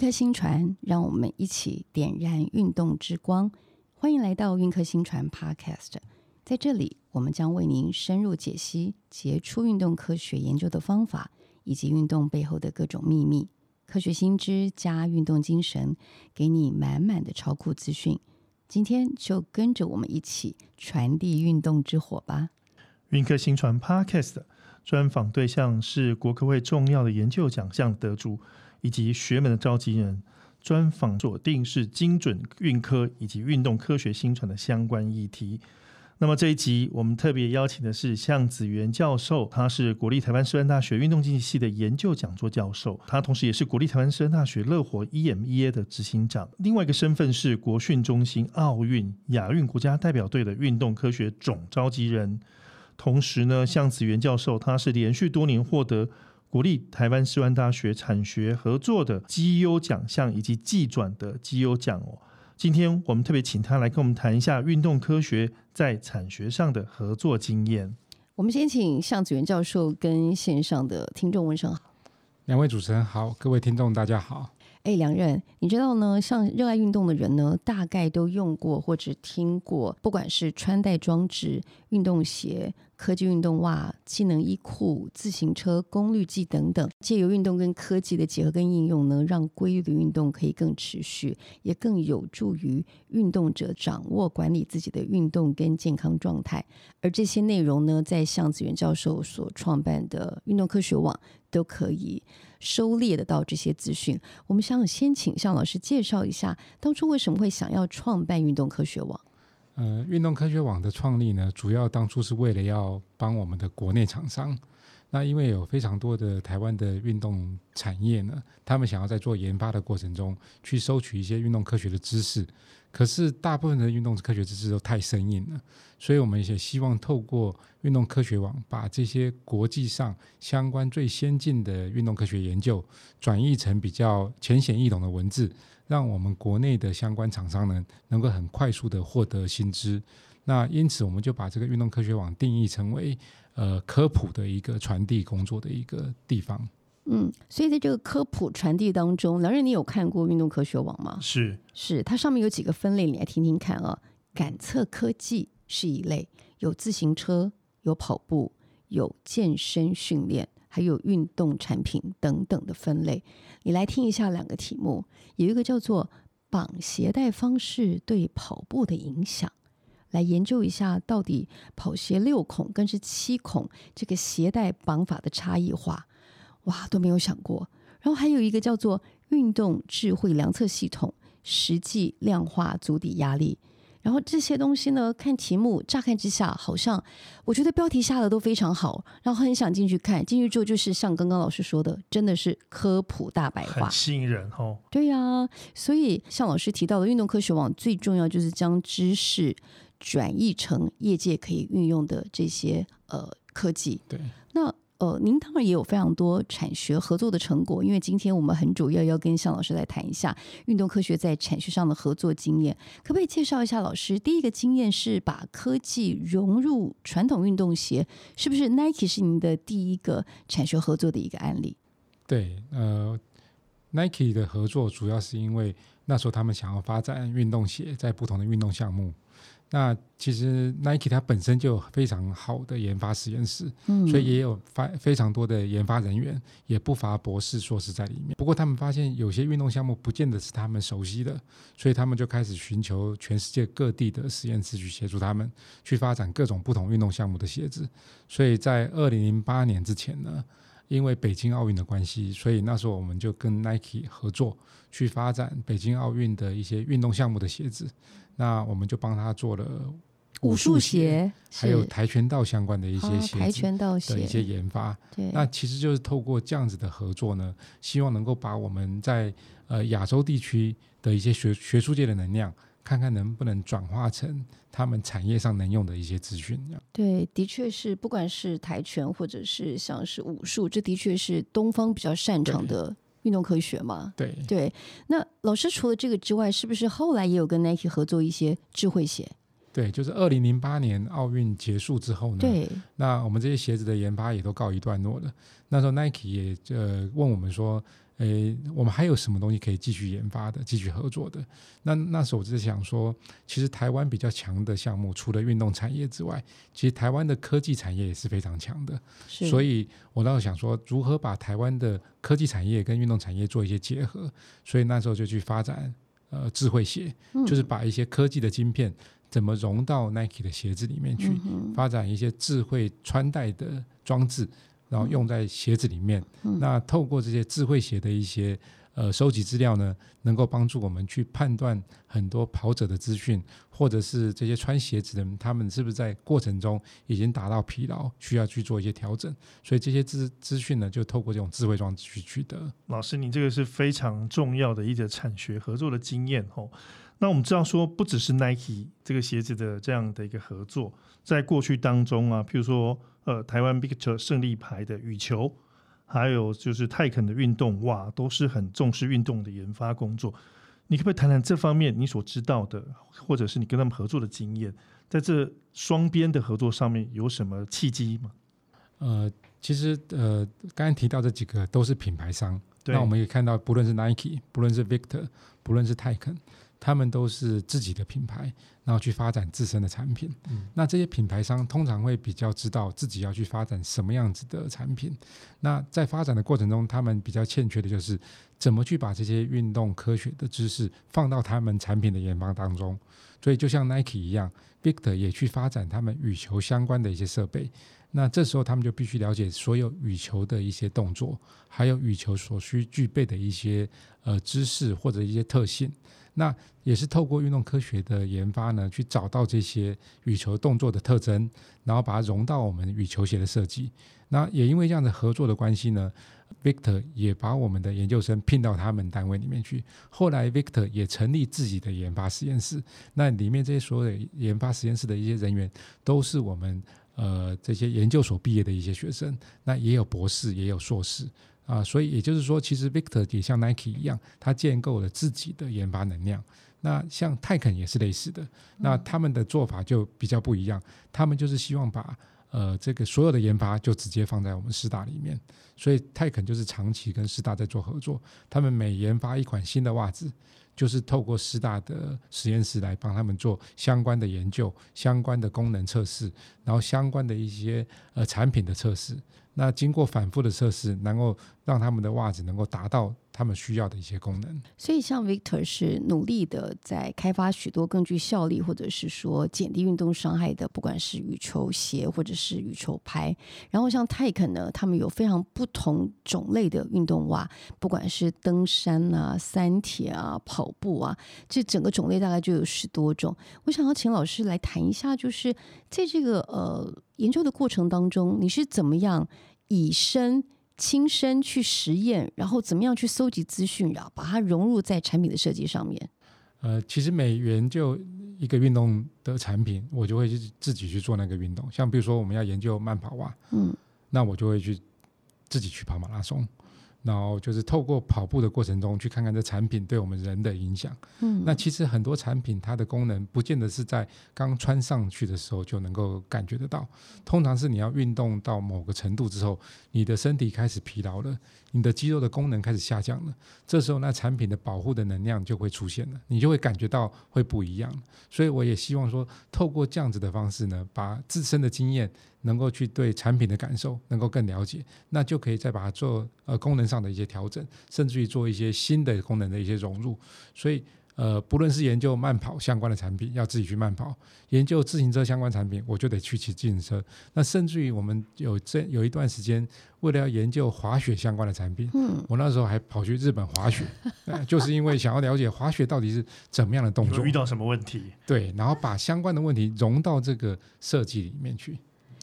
運科薪傳，讓我們一起點燃運動之光！歡迎來到運科薪傳 Podcast，在這裡我們將為您深入解析傑出運動科學研究的方法，以及運動背後的各種祕密。科學新知加運動精神，給你滿滿的超酷資訊。今天就跟着我們一起傳遞運動之火吧！運科薪傳 Podcast 專訪對象是國科會重要的研究獎項得主。以及學門的召集人專訪，鎖定是精準運科，以及運動科學新傳的相關議題。那麼這一集我們特別邀請的是相子元教授，他是國立台灣師範大學運動競技系的研究講座教授，他同時也是國立台灣師範大學樂活 EMEA 的執行長，另外一個身份是國訓中心奧運、亞運國家代表隊的運動科學總召集人。同時呢，相子元教授他是連續多年獲得鼓勵台灣師範大學產學合作的績優獎項，以及技轉的績優獎哦。今天我們特別請他來跟我們談一下運動科學在產學上的合作經驗。我們先請相子元教授跟線上的聽眾問聲好。兩位主持人好，各位聽眾大家好。哎、欸，俍任，你知道呢？像熱愛運動的人呢，大概都用過或者聽過，不管是穿戴裝置、運動鞋。科技運動襪、機能衣褲、自行車功率計等等，借由運動跟科技的結合跟應用呢，能讓規律的運動可以更持續，也更有助於運動者掌握管理自己的運動跟健康狀態。而這些內容呢，在相子元教授所創辦的運動科學網都可以收羅得到這些資訊。我們想先請相老師介紹一下，當初為什麼會想要創辦運動科學網？呃，運動科學網的創立呢，主要當初是為了要幫我們的國內廠商。那因為有非常多的台灣的運動產業呢，他們想要在做研發的過程中，去收取一些運動科學的知識。可是大部分的運動科學知識都太生硬了，所以我們也希望透過運動科學網，把這些國際上相關最先進的運動科學研究，轉譯成比較淺顯易懂的文字，讓我們國內的相關廠商呢，能夠很快速的獲得新知。那因此，我們就把這個運動科學網定義成為，呃，科普的一個傳遞工作的一個地方。嗯，所以在這個科普傳遞當中，俍任，你有看過運動科學網嗎？是，是，它上面有幾個分類，你來聽聽看啊、哦。感測科技是一類，有自行車，有跑步，有健身訓練，還有運動產品等等的分類。你來聽一下兩個題目，有一個叫做綁鞋帶方式對跑步的影響，來研究一下到底跑鞋六孔跟是七孔這個鞋帶綁法的差異化。哇，都沒有想過。然後還有一個叫做“運動智慧量測系統”，實際量化足底壓力。然後這些東西呢，看題目乍看之下，好像我覺得標題下的都非常好，然後很想進去看。進去之後就是像剛剛老師說的，真的是科普大白話，很吸引人哈、哦。對呀、啊，所以像老師提到的，運動科學網最重要就是將知識轉譯成業界可以運用的這些呃科技。對，那。呃，您當然也有非常多產學合作的成果，因為今天我們很主要要跟相老師來談一下運動科學在產學上的合作經驗，可不可以介紹一下老師，第一個經驗是把科技融入傳統運動鞋，是不是 Nike 是您的第一個產學合作的一個案例？對，呃，Nike 的合作主要是因為那時候他們想要發展運動鞋，在不同的運動項目。那其實 Nike 它本身就有非常好的研發實驗室，嗯，所以也有非非常多的研發人員，也不乏博士碩士在裡面。不過他們發現有些運動項目不見得是他們熟悉的，所以他們就開始尋求全世界各地的實驗室去協助他們，去發展各種不同運動項目的鞋子。所以在二零零八年之前呢。因為北京奧運的關係，所以那時候我們就跟 Nike 合作，去發展北京奧運的一些運動項目的鞋子。那我們就幫他做了武術鞋，武術鞋還有跆拳道相關的一些鞋子的一些研發。哦，那其實就是透過這樣子的合作呢，希望能夠把我們在呃亞洲地區的一些學學術界的能量。看看能不能轉化成他們產業上能用的一些資訊這樣。對，的確是，不管是跆拳，或者是像是武術，這的確是東方比較擅長的運動科學嘛。對對。那老師除了這個之外，是不是後來也有跟 Nike 合作一些智慧鞋？對，就是二零零八年奧運結束之後呢，對，那我們這些鞋子的研發也都告一段落了。那時候 Nike 也呃問我們說。呃，我們還有什麼東西可以繼續研發的、繼續合作的？那那時候我就想說，其實台灣比較強的項目，除了運動產業之外，其實台灣的科技產業也是非常強的。是。所以，我當時想說，如何把台灣的科技產業跟運動產業做一些結合？所以那時候就去發展呃，智慧鞋、嗯，就是把一些科技的晶片怎麼融到 Nike 的鞋子裡面去，嗯、發展一些智慧穿戴的裝置。然後用在鞋子裡面，嗯，那透過這些智慧鞋的一些呃收集資料呢，能夠幫助我們去判斷很多跑者的資訊，或者是這些穿鞋子的人，他們是不是在過程中已經達到疲勞，需要去做一些調整。所以這些資資訊呢，就透過這種智慧裝置去取得。老師，你這個是非常重要的一個產學合作的經驗吼！哦那我們知道說，不只是 Nike 這個鞋子的這樣的一個合作，在過去當中啊，譬如說呃，台灣 Victor 勝利牌的羽球，還有就是泰肯的運動，哇，都是很重視運動的研發工作。你可不可以談談這方面你所知道的，或者是你跟他們合作的經驗，在這雙邊的合作上面有什麼契機嗎？呃，其實呃，剛剛提到這幾個都是品牌商，對，那我們也看到，不論是 Nike，不論是 Victor，不論是泰肯。他們都是自己的品牌，然後去發展自身的產品。嗯。那這些品牌商通常會比較知道自己要去發展什麼樣子的產品。那在發展的過程中，他們比較欠缺的就是怎麼去把這些運動科學的知識放到他們產品的研發當中。所以，就像 Nike 一樣，Victor 也去發展他們羽球相關的一些設備。那這時候，他們就必須了解所有羽球的一些動作，還有羽球所需具備的一些呃知識或者一些特性。那也是透過運動科學的研發呢，去找到這些羽球動作的特徵，然後把它融到我們羽球鞋的設計。那也因為這樣的合作的關係呢，Victor 也把我們的研究生聘到他們單位裡面去。後來 Victor 也成立自己的研發實驗室，那裡面這些所有研發實驗室的一些人員都是我們呃這些研究所畢業的一些學生，那也有博士，也有碩士。啊，所以也就是說，其實 Victor 也像 Nike 一樣，他建構了自己的研發能量。那像泰肯也是類似的，那他們的做法就比較不一樣。嗯、他們就是希望把呃這個所有的研發就直接放在我們師大裡面。所以泰肯就是長期跟師大在做合作。他們每研發一款新的襪子，就是透過師大的實驗室來幫他們做相關的研究、相關的功能測試，然後相關的一些呃產品的測試。那經過反覆的測試，能夠讓他們的襪子能夠達到，他們需要的一些功能，所以像 Victor 是努力的在開發許多更具效力或者是說減低運動傷害的，不管是羽球鞋或者是羽球拍。然後像泰肯呢，他們有非常不同種類的運動襪啊，不管是登山啊、三鐵啊、跑步啊，這整個種類大概就有十多種。我想要請老師來談一下，就是在這個呃研究的過程當中，你是怎麼樣以身。親身去實驗，然後怎麼樣去搜集資訊，然後把它融入在產品的設計上面。呃，其實每研究一個運動的產品，我就會去自己去做那個運動。像比如說我們要研究慢跑啊，嗯，那我就會去自己去跑馬拉松。然後就是透過跑步的過程中，去看看這產品對我們人的影響。嗯，那其實很多產品它的功能，不見得是在剛穿上去的時候就能夠感覺得到，通常是你要運動到某個程度之後，你的身體開始疲勞了。你的肌肉的功能開始下降了，這時候那產品的保護的能量就會出現了，你就會感覺到會不一樣了。所以我也希望說，透過這樣子的方式呢，把自身的經驗能夠去對產品的感受能夠更了解，那就可以再把它做呃功能上的一些調整，甚至於做一些新的功能的一些融入。所以。呃，不論是研究慢跑相關的產品，要自己去慢跑，研究自行車相關產品，我就得去騎自行車。那甚至於我們有這有一段時間，為了要研究滑雪相關的產品，嗯、我那時候還跑去日本滑雪、 呃，就是因為想要了解滑雪到底是怎麼樣的動作，有沒有遇到什麼問題？對，然後把相關的問題融到這個設計裡面去。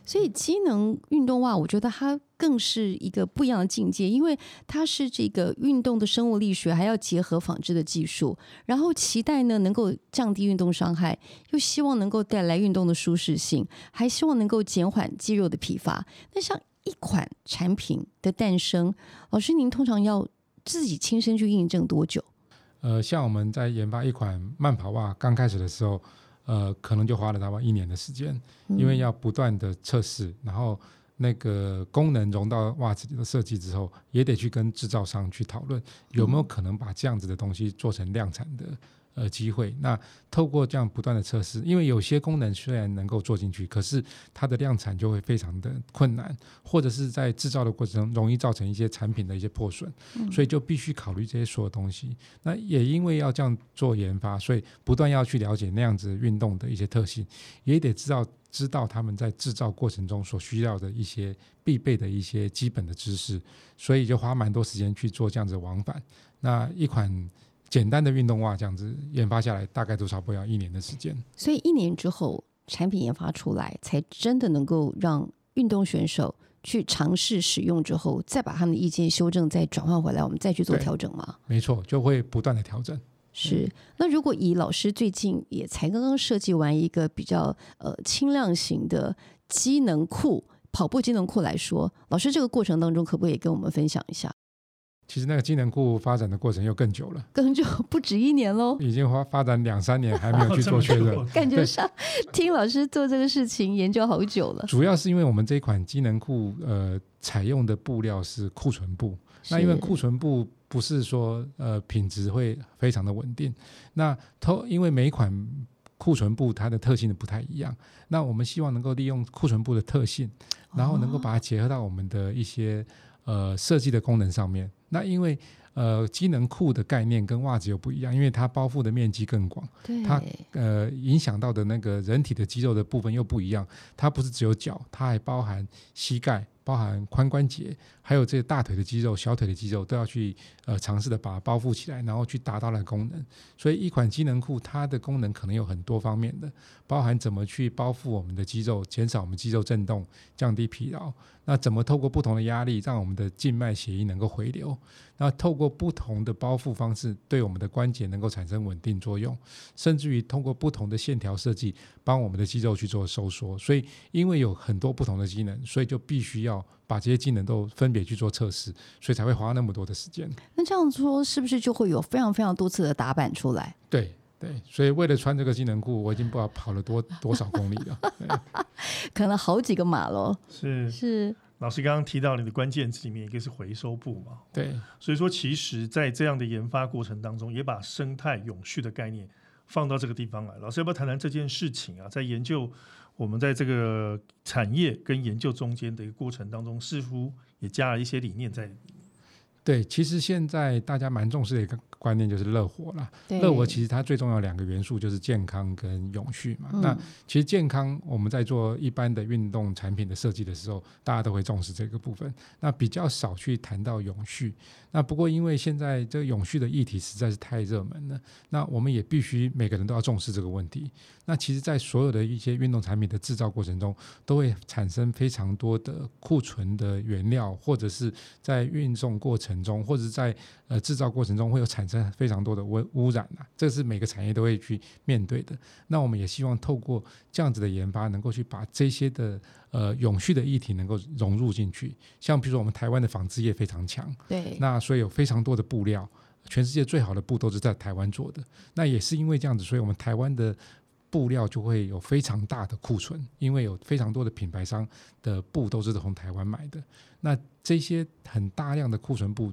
所以，機能運動襪，我覺得它更是一個不一樣的境界，因為它是這個運動的生物力學，還要結合紡織的技術，然後期待呢能夠降低運動傷害，又希望能夠帶來運動的舒適性，還希望能夠減緩肌肉的疲乏。那像一款產品的誕生，老師您通常要自己親身去印證多久？呃，像我們在研發一款慢跑襪，剛開始的時候。呃，可能就花了大概一年的時間，因為要不斷的測試、嗯，然後那個功能融到襪子的設計之後，也得去跟製造商去討論，有沒有可能把這樣子的東西做成量產的。嗯呃，機會。那透過這樣不斷的測試，因為有些功能雖然能夠做進去，可是它的量產就會非常的困難，或者是在製造的過程中容易造成一些產品的一些破損，嗯、所以就必須考慮這些所有東西。那也因為要這樣做研發，所以不斷要去了解那樣子運動的一些特性，也得知道知道他們在製造過程中所需要的一些必備的一些基本的知識，所以就花蠻多時間去做這樣子往返。那一款。簡單的運動襪這樣子研發下來，大概都差不多要一年的時間。所以一年之後，產品研發出來，才真的能夠讓運動選手去嘗試使用之後，再把他們的意見修正，再轉換回來，我們再去做調整嗎？沒錯，就會不斷的調整。是。那如果以老師最近也才剛剛設計完一個比較呃輕量型的機能褲，跑步機能褲來說，老師這個過程當中，可不可以也跟我們分享一下？其實那個機能褲發展的過程又更久了，更久不止一年咯。已經發發展兩三年還沒有去做 確認實， 感覺上聽老師做這個事情研究好久了。主要是因為我們這一款機能褲呃採用的布料是庫存布，那因為庫存布不是說呃品質會非常的穩定，那偷因為每一款庫存布它的特性不太一樣，那我們希望能夠利用庫存布的特性，哦、然後能夠把它結合到我們的一些呃設計的功能上面。那因為呃，機能褲的概念跟襪子又不一樣，因為它包覆的面積更廣，對，它呃影響到的那個人體的肌肉的部分又不一樣。它不是只有腳，它還包含膝蓋、包含髖關節，還有這些大腿的肌肉、小腿的肌肉都要去呃嘗試的把它包覆起來，然後去達到的功能。所以一款機能褲它的功能可能有很多方面的，包含怎麼去包覆我們的肌肉，減少我們肌肉震動，降低疲勞。那怎麼透過不同的壓力，讓我們的靜脈血液能夠回流？那透過不同的包覆方式，對我們的關節能夠產生穩定作用，甚至於通過不同的線條設計，幫我們的肌肉去做收縮。所以，因為有很多不同的機能，所以就必須要把這些機能都分別去做測試，所以才會花那麼多的時間。那這樣說，是不是就會有非常非常多次的打版出來？對對，所以為了穿這個機能褲，我已經不知道跑了多 多少公里了，可能好幾個碼嘍。是是。老師剛剛提到你的關鍵字裡面一個是回收布嘛，對，所以說其實在這樣的研發過程當中，也把生態永續的概念放到這個地方來。老師要不要談談這件事情啊？在研究，我們在這個產業跟研究中間的一個過程當中，似乎也加了一些理念在。對，其實現在大家蠻重視的一個觀念就是樂活了。樂活其實它最重要的兩個元素就是健康跟永續嘛。嗯。那其實健康我們在做一般的運動產品的設計的時候，大家都會重視這個部分，那比較少去談到永續。那不過因為現在這個永續的議題實在是太熱門了，那我們也必須每個人都要重視這個問題。那其實，在所有的一些運動產品的製造過程中，都會產生非常多的庫存的原料，或者是在運送過程中，或者是在呃製造過程中會有產生非常多的污污染啊，這是每個產業都會去面對的。那我們也希望透過這樣子的研發，能夠去把這些的呃永續的議題能夠融入進去。像比如說我們台灣的紡織業非常強，對，那所以有非常多的布料，全世界最好的布都是在台灣做的。那也是因為這樣子，所以我們台灣的。布料就會有非常大的庫存，因為有非常多的品牌商的布都是從台灣買的。那這些很大量的庫存布，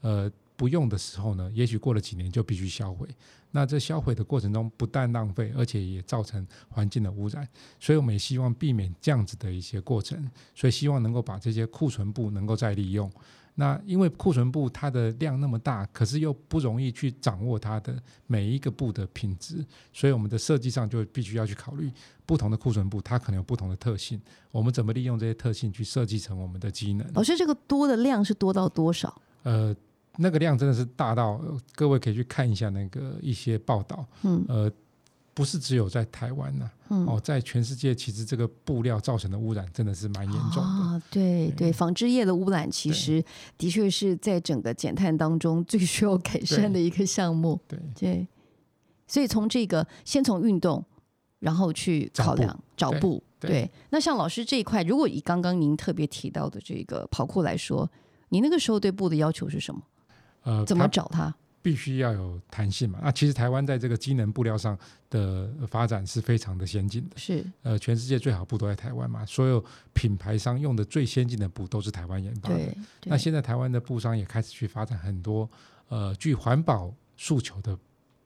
呃，不用的時候呢，也許過了幾年就必須銷毀。那這銷毀的過程中，不但浪費，而且也造成環境的污染。所以我們也希望避免這樣子的一些過程，所以希望能夠把這些庫存布能夠再利用。那因為庫存布它的量那麼大，可是又不容易去掌握它的每一個布的品質，所以我們的設計上就必須要去考慮不同的庫存布，它可能有不同的特性，我們怎麼利用這些特性去設計成我們的機能？老師，這個多的量是多到多少？呃，那個量真的是大到、呃、各位可以去看一下那個一些報道，嗯，呃。不是只有在台灣呢，啊嗯，哦，在全世界，其實這個布料造成的污染，真的是蠻嚴重的。對、啊、對，紡織業的污染，其實的確是在整個減碳當中最需要改善的一個項目。對對、對，所以從這個先從運動，然後去考量找布、找布對對。對，那像老師這一塊，如果以剛剛您特別提到的這個跑酷來說，你那個時候對布的要求是什麼？呃，怎麼找它？呃他必須要有彈性嘛。那其實台灣在這個機能布料上的發展是非常的先進的，是呃，全世界最好布都在台灣嘛。所有品牌商用的最先進的布都是台灣研發的。那現在台灣的布商也開始去發展很多呃，具環保訴求的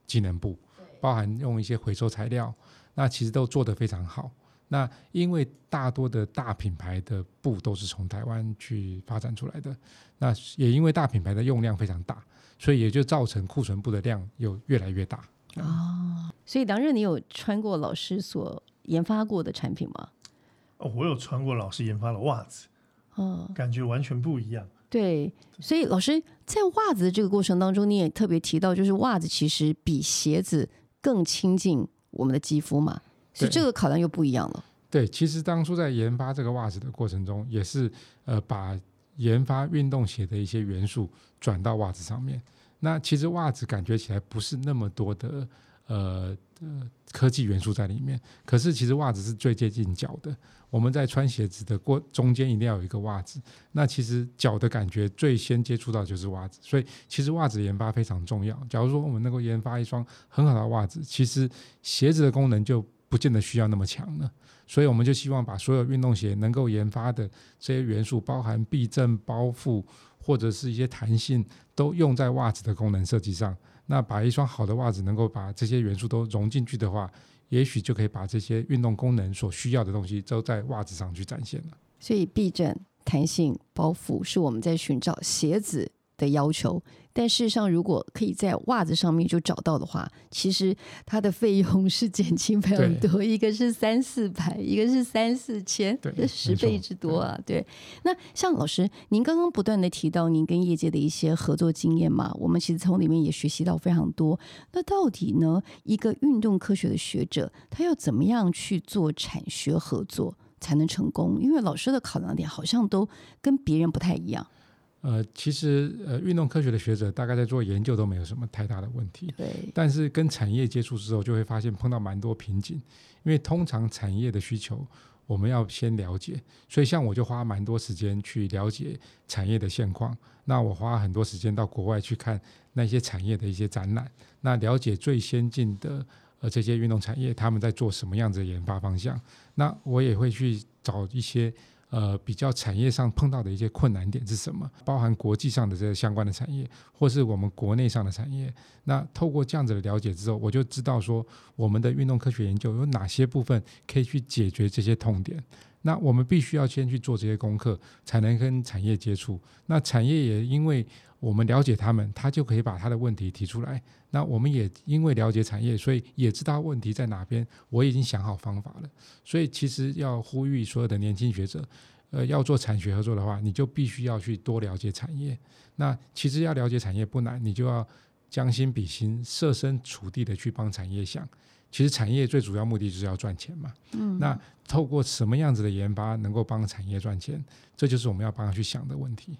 機能布，包含用一些回收材料，那其實都做得非常好。那因為大多的大品牌的布都是從台灣去發展出來的，那也因為大品牌的用量非常大。所以也就造成庫存布的量又越來越大。哦，所以俍任，你有穿過老師所研發過的產品嗎？哦，我有穿過老師研發的襪子，嗯，哦，感覺完全不一樣。對，所以老師在襪子的這個過程當中，你也特別提到，就是襪子其實比鞋子更親近我們的肌膚嘛，所以這個考量又不一樣了。對，對，其實當初在研發這個襪子的過程中，也是呃把。研發運動鞋的一些元素轉到襪子上面，那其實襪子感覺起來不是那麼多的呃，呃科技元素在裡面，可是其實襪子是最接近腳的。我們在穿鞋子的過中間一定要有一個襪子，那其實腳的感覺最先接觸到就是襪子，所以其實襪子研發非常重要。假如說我們能夠研發一雙很好的襪子，其實鞋子的功能就。不見得需要那麼強了，所以我們就希望把所有運動鞋能夠研發的這些元素，包含避震、包覆，或者是一些彈性，都用在襪子的功能設計上。那把一雙好的襪子能夠把這些元素都融進去的話，也許就可以把這些運動功能所需要的東西都在襪子上去展現了。所以，避震、彈性、包覆是我們在尋找鞋子。的要求，但事實上，如果可以在襪子上面就找到的話，其實它的費用是減輕非常多。一個是三四百，一個是三四千，這十倍之多啊！對！對，那像老師，您剛剛不斷的提到您跟業界的一些合作經驗嘛，我們其實從裡面也學習到非常多。那到底呢，一個運動科學的學者，他要怎麼樣去做產學合作才能成功？因為老師的考量點好像都跟別人不太一樣。呃，其實呃，運動科學的學者大概在做研究都沒有什麼太大的問題，對。但是跟產業接觸之後，就會發現碰到蠻多瓶頸，因為通常產業的需求我們要先了解，所以像我就花蠻多時間去了解產業的現況。那我花很多時間到國外去看那些產業的一些展覽，那了解最先進的呃這些運動產業他們在做什麼樣子的研發方向。那我也會去找一些。呃，比較產業上碰到的一些困難點是什麼？包含國際上的這些相關的產業，或是我們國內上的產業。那透過這樣子的了解之後，我就知道說，我們的運動科學研究有哪些部分可以去解決這些痛點。那我們必須要先去做這些功課，才能跟產業接觸。那產業也因為我們了解他們，他就可以把他的問題提出來。那我們也因為了解產業，所以也知道問題在哪邊。我已經想好方法了，所以其實要呼籲所有的年輕學者，呃，要做產學合作的話，你就必須要去多了解產業。那其實要了解產業不難，你就要將心比心，設身處地的去幫產業想。其實產業最主要目的就是要賺錢嘛。嗯。那透過什麼樣子的研發能夠幫產業賺錢，這就是我們要幫他去想的問題。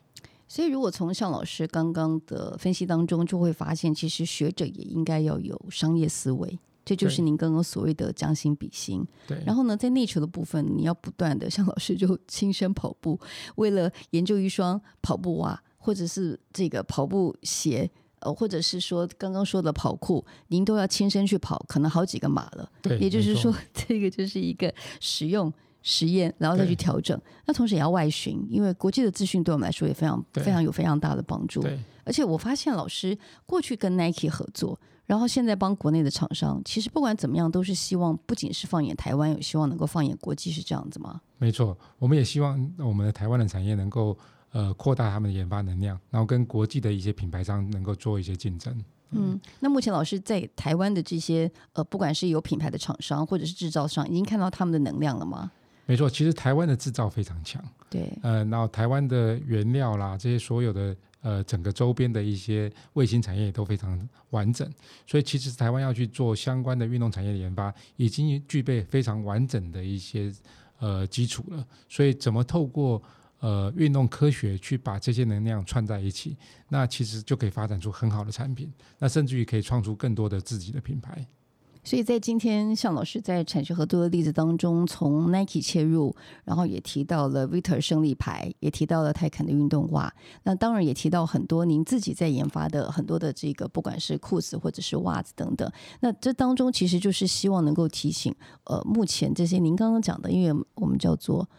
所以，如果從相老師剛剛的分析當中，就會發現，其實學者也應該要有商業思維，這就是您剛剛所謂的將心比心。對。然後呢，在內求的部分，你要不斷的，相老師就親身跑步，為了研究一雙跑步襪、啊，或者是這個跑步鞋，呃，或者是說剛剛說的跑酷，您都要親身去跑，可能好幾個碼了。對。也就是說，這個就是一個實用。實驗，然後再去調整。那同時也要外巡，因為國際的資訊對我們來說也非常、非常有非常大的幫助。而且我發現老師過去跟 Nike 合作，然後現在幫國內的廠商，其實不管怎麼樣，都是希望不僅是放眼台灣，有希望能夠放眼國際，是這樣子嗎？沒錯，我們也希望我們的台灣的產業能夠呃擴大他們的研發能量，然後跟國際的一些品牌商能夠做一些競爭。嗯，嗯，那目前老師在台灣的這些呃，不管是有品牌的廠商或者是制造商，已經看到他們的能量了嗎？沒錯，其實台灣的製造非常強，對，呃，然後台灣的原料啦，這些所有的呃，整個周邊的一些衛星產業也都非常完整，所以其實台灣要去做相關的運動產業的研發，已經具備非常完整的一些呃基礎了。所以，怎麼透過呃運動科學去把這些能量串在一起，那其實就可以發展出很好的產品，那甚至於可以創出更多的自己的品牌。所以在今天向老師在產學合作的例子當中，從 Nike 切入，然後也提到了 Victor 勝利牌，也提到了泰肯的運動襪，那當然也提到很多您自己在研發的很多的這個不管是褲子或者是襪子等等。那這當中其實就是希望能夠提醒，呃，目前這些您剛剛講的，因為我們叫做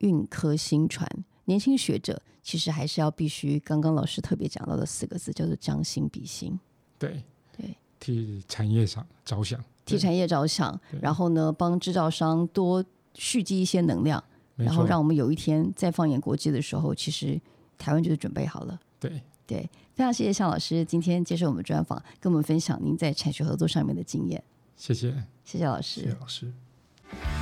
運科薪傳年輕學者，其實還是要必須剛剛老師特別講到的四個字，叫做將心比心。對對，替產業上着想。替產業着想，然後呢，幫製造商多蓄積一些能量，然後讓我們有一天再放眼國際的時候，其實台灣就是準備好了。對對，非常謝謝相老師今天接受我們專訪，跟我們分享您在產學合作上面的經驗。謝謝，謝謝老師，謝謝老師。